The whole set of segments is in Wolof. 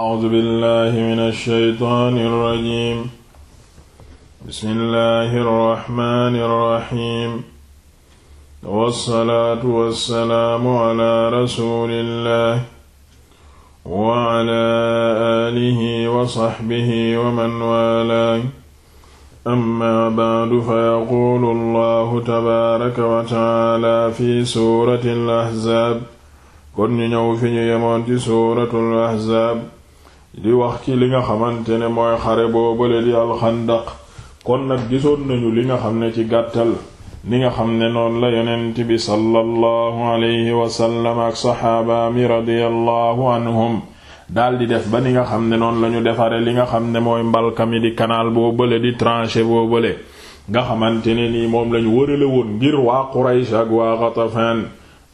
أعوذ بالله من الشيطان الرجيم بسم الله الرحمن الرحيم والصلاة والسلام على رسول الله وعلى آله وصحبه ومن والاه أما بعد فيقول الله تبارك وتعالى في سورة الأحزاب kon ñu ñëw fi ñu yemoon ci suuratul ahzaab di wax ci li nga xamante ne mooy xare boobale di alxandaq kon nag gisoon nañu li nga xam ne ci gàttal ni nga xam ne noonu la yonent bi sallallahu alayhi wasallam ak saxaabaami radiyallahu anhum daldi def ba ni nga xam ne noonu lañu defare li nga xam ne mooy mi di kanaal boobale di tranchée boobale nga xamante ne nii moom lañu wërale woon ngir waa Quraysh ak waa Ghatafan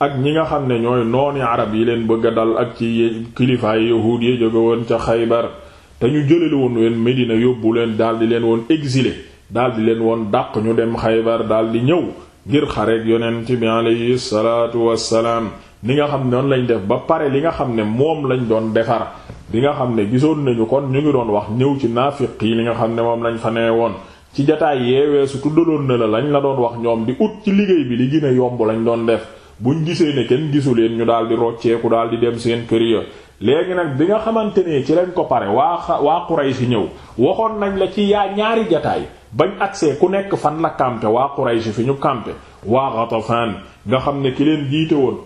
ak ñi nga xam ne ñooy nooni arab yi leen bëgg dal ak ci kilifaay yahuud yi jóge woon ca xaybar te ñu jëlali woon leen Medina yóbbu leen daal di leen woon exilé daal di leen woon dàq ñu dem xaybar daal di ñëw ngir xareek yonent bi alayhi salaatu wassalaam ni nga xam ne noonu lañ def ba pare li nga xam ne moom lañ doon defar bi nga xam ne gisoon nañu kon ñu ngi doon wax ñëw ci naafiq yi li nga xam ne moom lañ fa nee woon ci jataay yeewee su tuddaloon na lañ la doon wax ñoom di ut ci liggéey bi li gën a lañ doon def buñ gisee ne kenn gisu leen ñu daal di rocceeku daal di dem seen kër ya léegi nag bi nga xamante ne ci lañ ko pare waa waa Quraysh ñëw waxoon nañ la ci yaa ñaari jataay bañ agsee ku nekk fan la campé waa Quraysh fi ñu campé waa Ghatafan nga xam ne ki leen jiite woon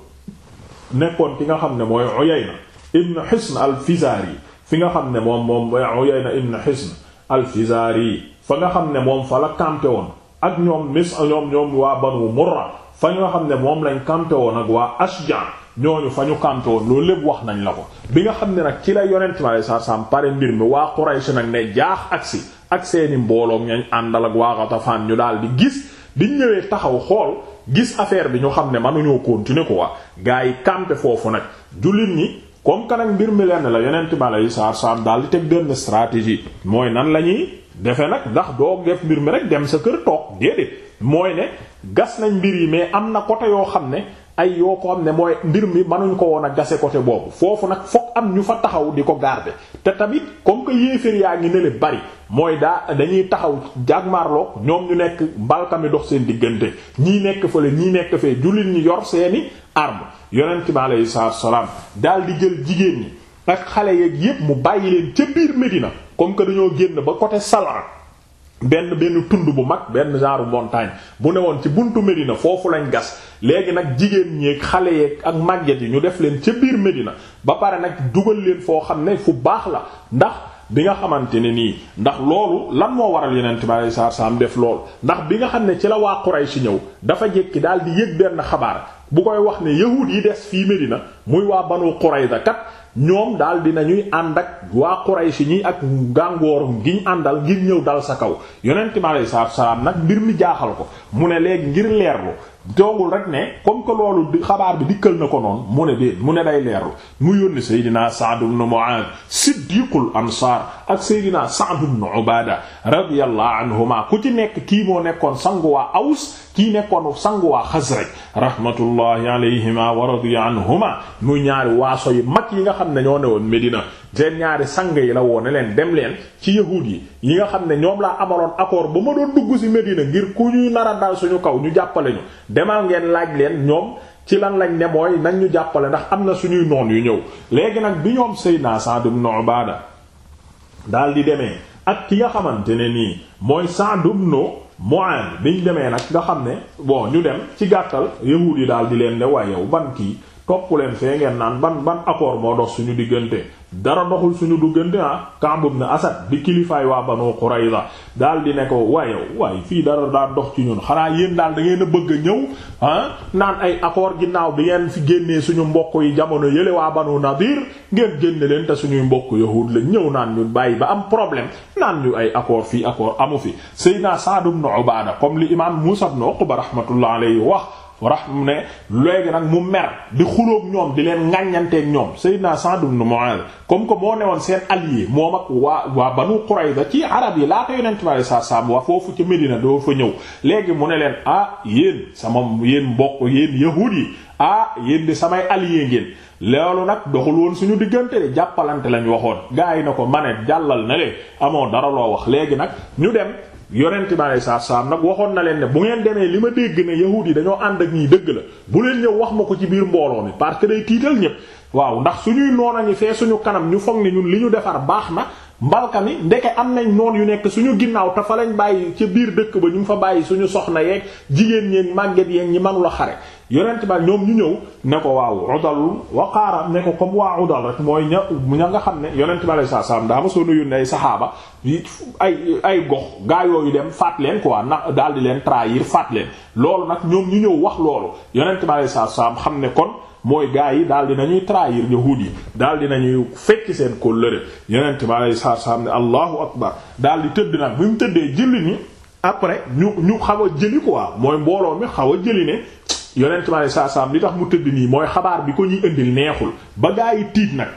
nekkoon ki nga xam ne mooy Uyayna ibn Hisn al-Fizari fi nga xam ne moom moom mooy Uyayna ibn Hisn al-Fizari fa nga xam ne moom fa la campé woon ak ñoom mis ñoom ñoom waa Banu Murra fa ñoo xam ne moom lañ campé woon ak waa Ashja ñooñu fa ñu campé woon loolu lépp wax nañ la ko bi nga xam ne nag ci la yonent mi alayhi salaatu salaam pare mbir mi waa Quraysh nag ne jaax agsi ak seeni mbooloom ñañ àndal ak waa Ghatafaan ñu daal di gis biñ ñëwee taxaw xool gis affaire bi ñu xam ne mënuñoo continuer ko waa gaa yi campé foofu nag jullit ñi comme que nag mbir mi lenn la yonent ma lay saar saam daal di teg benn stratégie mooy nan la ñuy defe nag ndax doo def mbir mi rek dem sa kër toog déedéet mooy ne gas nañ mbir yi mais am na côté yoo xam ne ay yoo ko am ne mooy mbir mi mënuñ ko woon a gase côté boobu foofu nag fokk am ñu fa taxaw di ko garder te tamit comme que yéeféer yaa ngi nele bari mooy daa dañuy taxaw jagmarloog ñoom ñu nekk mbalka mi dox seen diggante ñii nekk fële ñii nekk fee jullit ñi yor seeni arme yonent bi aleyhi salaatu salaam daal di jël jigéen ñi ak xale yeeg yépp mu bàyyi leen ca biir Medina comme que dañoo génn ba côté Salara benn benn tund bu mag benn genre montagne bu ne woon ci buntu Medina foofu lañ gas léegi nag jigéen ñeeg xale yeeg ak màgget yi ñu def leen ca biir Medina ba pare nag dugal leen foo xam ne fu baax la ndax. bi nga xamante ne nii ndax loolu lan moo waral yonent bi alayhi salaam def lool ndax bi nga xam ne ci la waa Quraysh ñëw dafa jékki daal di yëg benn xabaar bu koy wax ne yahuud yi des fii Medina muy waa Banu Qurayza kat ñoom daal ñuy ànd ak waa Quraysh ñi ak gàngoorum gi ñu àndal ngir ñëw dal sa kaw yonent mi alayhi salaatu salaam nag mbir mi jaaxal ko mu ne léegi ngir leerlu toogul rek ne comme que loolu xabaar bi dikkal na ko noon mu ne déet mu ne lay leerlu mu yónni Seydina Sa'd ibn Mu'adh siddiqul ansaar ak Seydina Sa'd ibn Ubaada radiyallahu anhuma ku ci nekk kii moo nekkoon sangu waa Aws kii nekkoon sangu waa Xasraj rahmatullahi alayhima wa radiya anhuma muy ñaari waaso yi mag yi nga xam ne ñoo ne woon Medina seen ñaari sang yi la ne leen dem leen ci yahuud yi yi nga xam ne ñoom laa amaloon accord ba ma doon dugg ci Medina ngir ku ñuy nar a dal suñu kaw ñu jàppale ñu demal ngeen laaj leen ñoom ci lan lañ ne mooy nañ ñu jàppale ndax am na suñuy noon yu ñëw léegi nag bi ñoom naa Sa'd ibn Ubaada daal di demee ak ki nga xamante ne nii mooy Sa'd ibn Mu'aaz biñ demee nag nga xam ne bon ñu dem ci gàttal yahuud yi daal di leen ne waaye yow ban kii topp leen fee ngeen naan ban ban accord moo dox suñu diggante dara doxul suñu duggante ah Ka'b ibn Asad bi kilifaay waa Banu Qurayza daal di ne ko waaye waaye fii dara daa dox ci ñun xanaa yéen daal da ngeen a bëgg a ñëw ah naan ay accord ginnaaw bi ngeen fi génnee suñu mbokk yi jamono yële waa Banu Nadir ngeen génne leen te suñuy mbokk yahuud la ñëw naan ñu bàyyi ba am problème naan ñu ay accord fii accord amu fi Seydina Sa'd ibn Ubaada comme li imaam Muusaa ibn Uqba rahmatullah alayhi wax mu ne léegi nag mu mer di xulóog ñoom di leen ŋàññanteeg ñoom sey Seydina Sa'd ibn Mu'adh comme que moo newoon seen allié moom ak waa waa Banu Qurayza ci arab yi laata yonent bi saa saa waa foofu ci Medina doo fa ñëw léegi mu ne leen ah yéen sama yéen mbokk yéen yahuud yi ah yéen di samay allié ngeen loolu nag doxul woon suñu diggante de jàppalante lañ waxoon gars yi na ko ma jàllal na le amoo dara loo wax léegi nag ñu dem. yonente bi aleyhi salaatu salaam nag waxoon na leen ne bu ngeen demee li ma dégg ne yahuud yi dañoo ànd ak ñiy dëgg la bu leen ñëw wax ma ko ci biir mbooloo mi parce que day tiital ñépp waaw ndax suñuy noon a ngi fee suñu kanam ñu foog ne ñun li ñu defar baax na mbalka mi ndeke am nañ noon yu nekk suñu ginnaaw te fa lañ bàyyi ca biir dëkk ba ñu ngi fa bàyyi suñu soxna yeeg jigéen ñeen màgget yeeg ñi manu la xare yonent ba ñoom ñu ñëw ne ko waaw udal waqaara ne ko comme waa udal mooy ña ña nga xam ne yonent bi alei sat salaam daa ma soona yónne ay saxaaba ay ay gox gaa yu dem faat leen quoi na daal di leen trahir faat leen loolu nag ñoom ñu ñëw wax loolu yonent bi alei saa salaam xam ne kon mooy gaa yi daal di nañuy trahir yahuud yi daal di nañuy fekk seen kóllëre yonent bi alayhi salaatu salaam ne allahu akbar daal di tëdd nag bu ñu tëddee jëli ñi après ñu ñu xaw a jëli quoi mooy mbooloo mi xaw a jëli ne yonent bi alayhi salaatu li tax mu tëdd nii mooy xabaar bi ko ñuy indil neexul ba gaa yi tiit nag.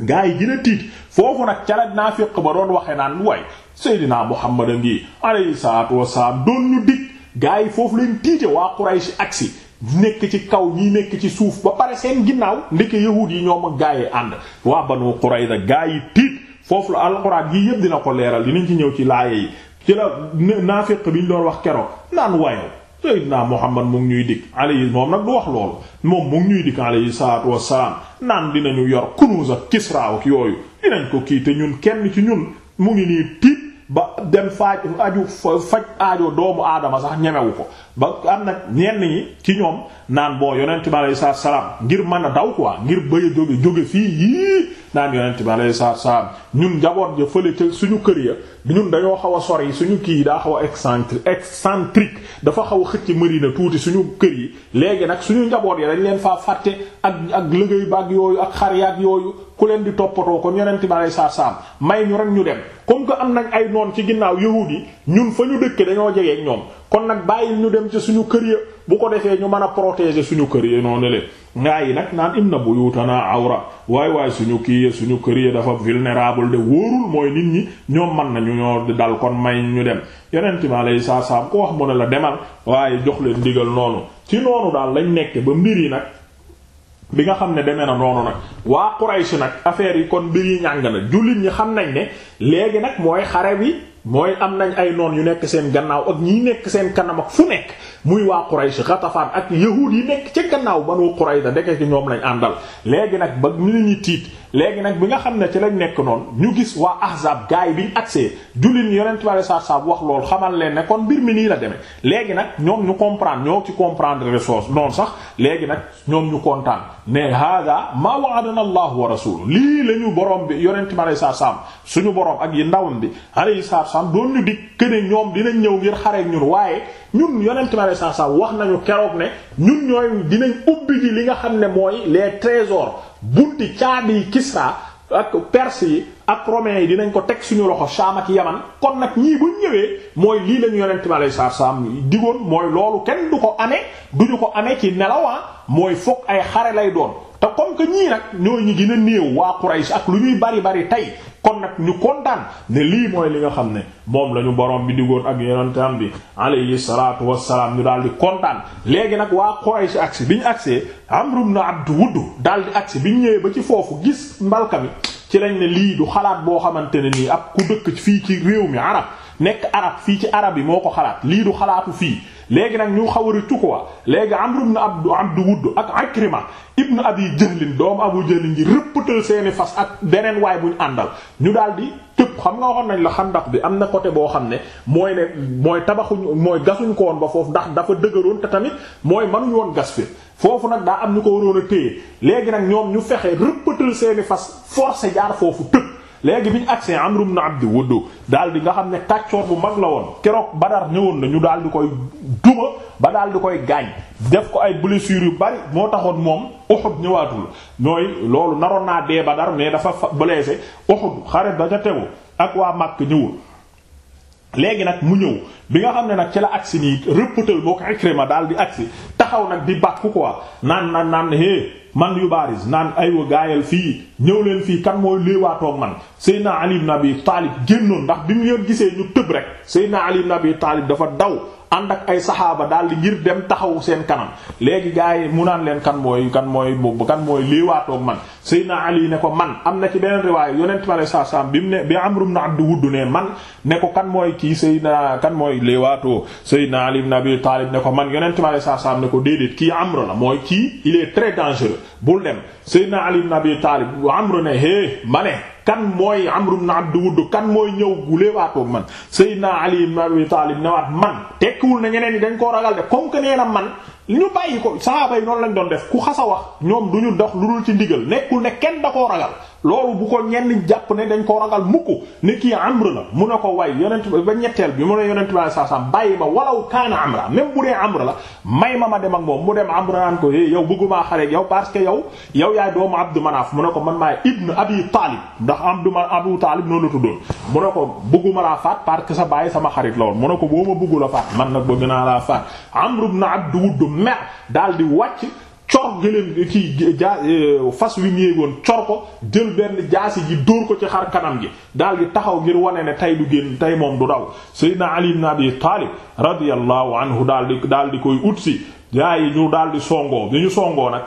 gaa yi gën a tiit foofu nag ca naa naafiq ba doon waxee naan way Seydina Muhammad a ngi alayhi salaatu wasalaam doon ñu dig gaa yi foofu lañ tiite waa Quraysh aksi nekk ci kaw ñi nekk ci suuf ba pare seen ginnaaw ndeke yahuud yi ñoom ak gaay yi ànd waa Banu Qurayza gaay yi tiit foofu la alxuraan yii yëpp dina ko leeral dinañ ci ñëw ci laaye yi ci la naafiq bi ñu doon wax keroog naan wayow sayyidina Muhammad mu ngi ñuy dikk alayhi moom nag du wax loolu moom mu ngi ñuy dikk alayhi wassalaam naan dinañu yor kunuuz ak Kisra yooyu dinañ ko kii te ñun kenn ci ñun mu ngi nii tiit ba dem faaj aju faj aajo doomu aadama sax ñemewu ko ba am na ñenn ñi ci ñoom naan boo yonent bi alayhi salaatu salaam ngir man a daw quoi ngir bëgg a jóge jóge fii yii naan yonent bi alayhi salaatu salaam ñun njaboot ja fële ca suñu kër ya ñun dañoo xaw a yi suñu kii yi daa xaw a excentrique excentrique dafa xaw a xëcc marina tuuti suñu kër yi léegi nag suñu njaboot ya dañ leen faa fàtte ak ak liggéey baag yooyu ak xar yaag yooyu ku leen di toppatoo ko yonent bi alayhi salaatu salaam may ñu rek ñu dem comme que am nañ ay noon ci ginnaaw yahuud yi ñun fa ñu dëkke dañoo jege ñoom suñu kër ya bu ko defee ñu mën a protéger suñu kër yi noonu le ngaa yi nag naan inna buyutana awra waay waay suñu kii suñu kër yi dafa vulnérable de wóorul mooy nit ñi ñoom mën nañu ñoo dal kon may ñu dem yeneen mi alay saa saam ko wax mu ne la demal waaye jox leen digal noonu ci noonu daal lañ nekk ba mbir yi nag bi nga xam ne demee na noonu nag waa Quraysh nag affaire yi kon mbir yi ñàng na jullit ñi xam nañ ne léegi nag mooy xare bi mooy am nañ ay noon yu nekk seen gannaaw ak ñi nekk seen kanam fu nekk muy waa Quraysh Ghatafan ak yahuud yi nekk ca gannaaw Banu Qurayza ndeke ci ñoom lañ àndal léegi nag ba ni ñu tiit léegi nag bi nga xam ne ci lañ nekk noonu ñu gis waa ahzab gaay biñ agsee jullit ñi yonent bi sallallahu alayhi wasallam wax loolu xamal leen ne kon mbir mi nii la demee léegi nag ñoom ñu comprendre ñoo ci comprendre ressource noonu sax léegi nag ñoom ñu kontaan ne hada maa wa'adana allahu wa rasuluhu lii la ñu borom bi yonent bi sallallahu alayhi suñu borom ak yi ndawam bi alayhi wasallam doon ñu dik këne ñoom dinañ ñëw ngir xareek ñun waaye ñun yonent bi sallallahu alayhi wasallam wax nañu keroog ne ñun ñooy dinañ ubbi ji li nga xam ne mooy les trésors bunti caabi yi Kisra ak Perse yi ak romains yi dinañ ko teg suñu loxo Sham ak Yaman kon nag ñii bu ñëwee mooy lii lañu ñu yonent bi alayhi salaam digoon mooy loolu kenn du ko amee duñu ko amee ci nelawaan ah, mooy fokk ay xare lay doon te comme que ñii nag ñoo ñi gën a néew waa Quraysh ak lu ñuy bari bari tey kon nag ñu kontaan ne lii mooy li nga xam ne moom lañu ñu borom bi digoon ak yonentam bi alayhi salaatu wassalaam ñu daal di kontaan léegi nag waa Quraysh agsi bi ñu agsee Amru ibn Abd Wudd daal di agsi bi ñu ñëwee ba ci foofu gis mbalka mi ci lañ ne lii du xalaat boo xamante ne nii ak ku dëkk fii ci réew mi arab nekk arab fii ci arab yi moo ko xalaat lii du xalaatu fii léegi nag ñu xaw a rëccu quoi léegi Amr ibn am du Wudd ak Ikrima ibn yi Jahl doomu Abu Jahl ji rëppatal seeni fas ak beneen waay bu ñu àndal ñu daldi tëb xam nga waxoon nañ la ndax bi am na côté boo xam ne mooy ne mooy tabaxuñ mooy gasuñ ko woon ba foofu ndax dafa dëgëroon te tamit mooy mënuñ woon gas fi foofu nag daa am ñu ko waroon a téye léegi nag ñoom ñu fexe rëppatal seeni fas forcé jaar foofu tëb léegi bi ñu agsee Amru ibn Abd Wudd daal di nga xam ne kàccoor bu mag la woon keroog Badar ñëwoon na ñu daal di koy duma ba daal di koy gaañ def ko ay blessures yu bari moo taxoon moom Uhud ñëwaatul ñooy loolu naroon naa dee Badar mais dafa blessé Uhud xare ba ca tegu ak waa Makka ñëwul léegi nag mu ñëw bi nga xam ne nag ci la agsi nii rëppatal boo ko daal di agsi taxaw nag di bàkku quoi naan naan naan hé man yu baaris naan aywa gaayal fii ñëw leen fii kan mooy léewaatoog man Seydina Ali ibn Abi Taalib génnoon ndax bi mu ngeen gisee ñu tëb rek Seydina Ali ibn Abi Taalib dafa daw ànd ak ay saxaaba daal di ngir dem taxawu seen kanam léegi gars yi mu naan leen kan mooy kan mooy bu kan mooy léewaatoog man Seydina Ali ne ko man am na ci beneen riwaay yonent ma lay saa bi mu ne bi Amru na Abd Wudd ne man ne ko kan mooy kii Seydina kan mooy léewaatoo Seydina Ali ibn Abi Taalib ne ko man yonent ma lay saa saam ko déedéet kii Amru la mooy kii il est bul dem Seydina Ali na Abi Taalib Amr ne hé ma ne kan mooy Amr ibn du Wudd kan mooy ñëw gu leewaatoog man Seydina Ali ibn Abi Taalib ne waat man tekkiwul na ñeneen yi dañ koo ragal de comme que nee na man ñu bàyyi ko sahaaba yi noonu lañ doon def ku xas a wax ñoom du ñu dox lu dul ci ndigal nekkul ne kenn da koo ragal loolu bu ko ñenn jàpp ne dañ ko ragal mukk nit kii amr la mu ne ko way yonent ba ñetteel bi mu ne yonent bi saa saa bàyyi ma walaw kaana amra même bu dee amr la may ma ma dem ak moom mu dem amr naan ko eh yow bëggumaa xare yow parce que yow yow yaay doomu Abdu Manaaf mu ne ko man maay ibn Abi Taalib ndax Abdu Abu Taalib noonu la tuddoon mu ne ko bëgguma laa faat parce que sa bàyyi sama xarit la woon mu ne ko boo ma bëggu la faat man nag bëgg naa laa faat Amr ibn Abd Wudd mer daal di wàcc cor gëléem kii jaa euh, fas wi ñéegoon cor ko jël benn jaasi ji dóor ko ci xar kanam gi daal di taxaw ngir wane ne tey du génn tey moom du daw sayyidina ali ibn abi taalib radiyallahu anhu daal di daal di koy utsi gaa yi ñu daal di songoo bi ñu songoo nag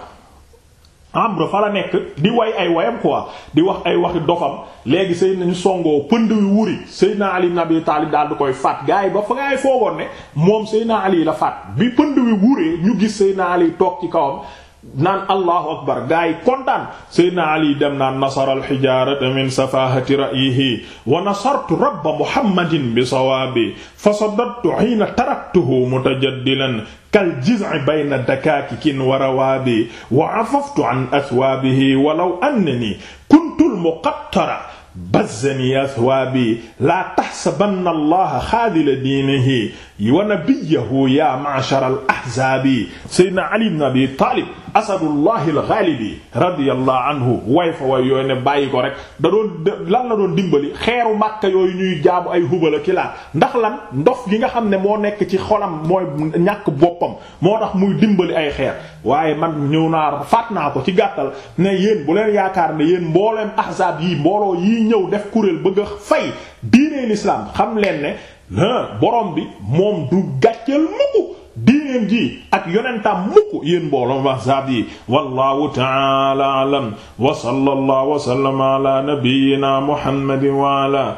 ambre fa la nekk di way ay wayam quoi di wax ay waxi dofam léegi sëy nañu songoo pënd wi wuri Seydina Ali ibn Abi Taalib daal di koy faat gars yi ba fa ngay foogoon ne moom Seydina Ali la faat bi pënd wi wuree ñu gis Seydina Ali toog ci kawam naan allahu akbar gaa yi kontaan seydna ali dem naan nasara alxijarata min safahati ra'yihi wa nasartu rabba muhammadin bi sawaabi fa saddadtu xiina taraktuhu mutajaddilan kal jiz'i bayna dakaakikin wa rawaabi wa afaftu an aswaabihi walaw annani kuntul muqattara bazzani aswaabi laa taxsabanna allaha xaadila diinihi wa nabiyahu yaa ma'shar al ahzaabi seydna ali ibn abi taalib asadullahi alxaalibi radiyallahu anhu way fa way yooyu ne bàyyi ko rek da doon lan la doon dimbali xeeru màkka yooyu ñuy jaabu ay hubala ki laa ndax lan ndof gi nga xam ne moo nekk ci xolam mooy ñàkk boppam moo tax muy dimbali ay xeer waaye man ñëw naa faat naa ko ci gàttal ne yéen bu leen yaakaar ne yéen mbooleem ahzaab yi mbooloo yi ñëw def kuréel bëgg fay diineel islam xam leen ne borom bi moom du gàcceel mukk diineen ji ak yonentam mukk yéen mboolom waxsaab yi wallahu ta'ala a'lam wa sallallahu wa sallama ala nabiyyina muhammadin wa ala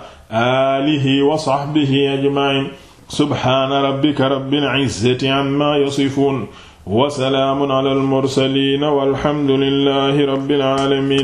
alihi wa sahbihi ajma'in subhana rabbika rabbil izzati amma yasifun wa salaamun ala al mursalin walhamdulillahi rabbil alamin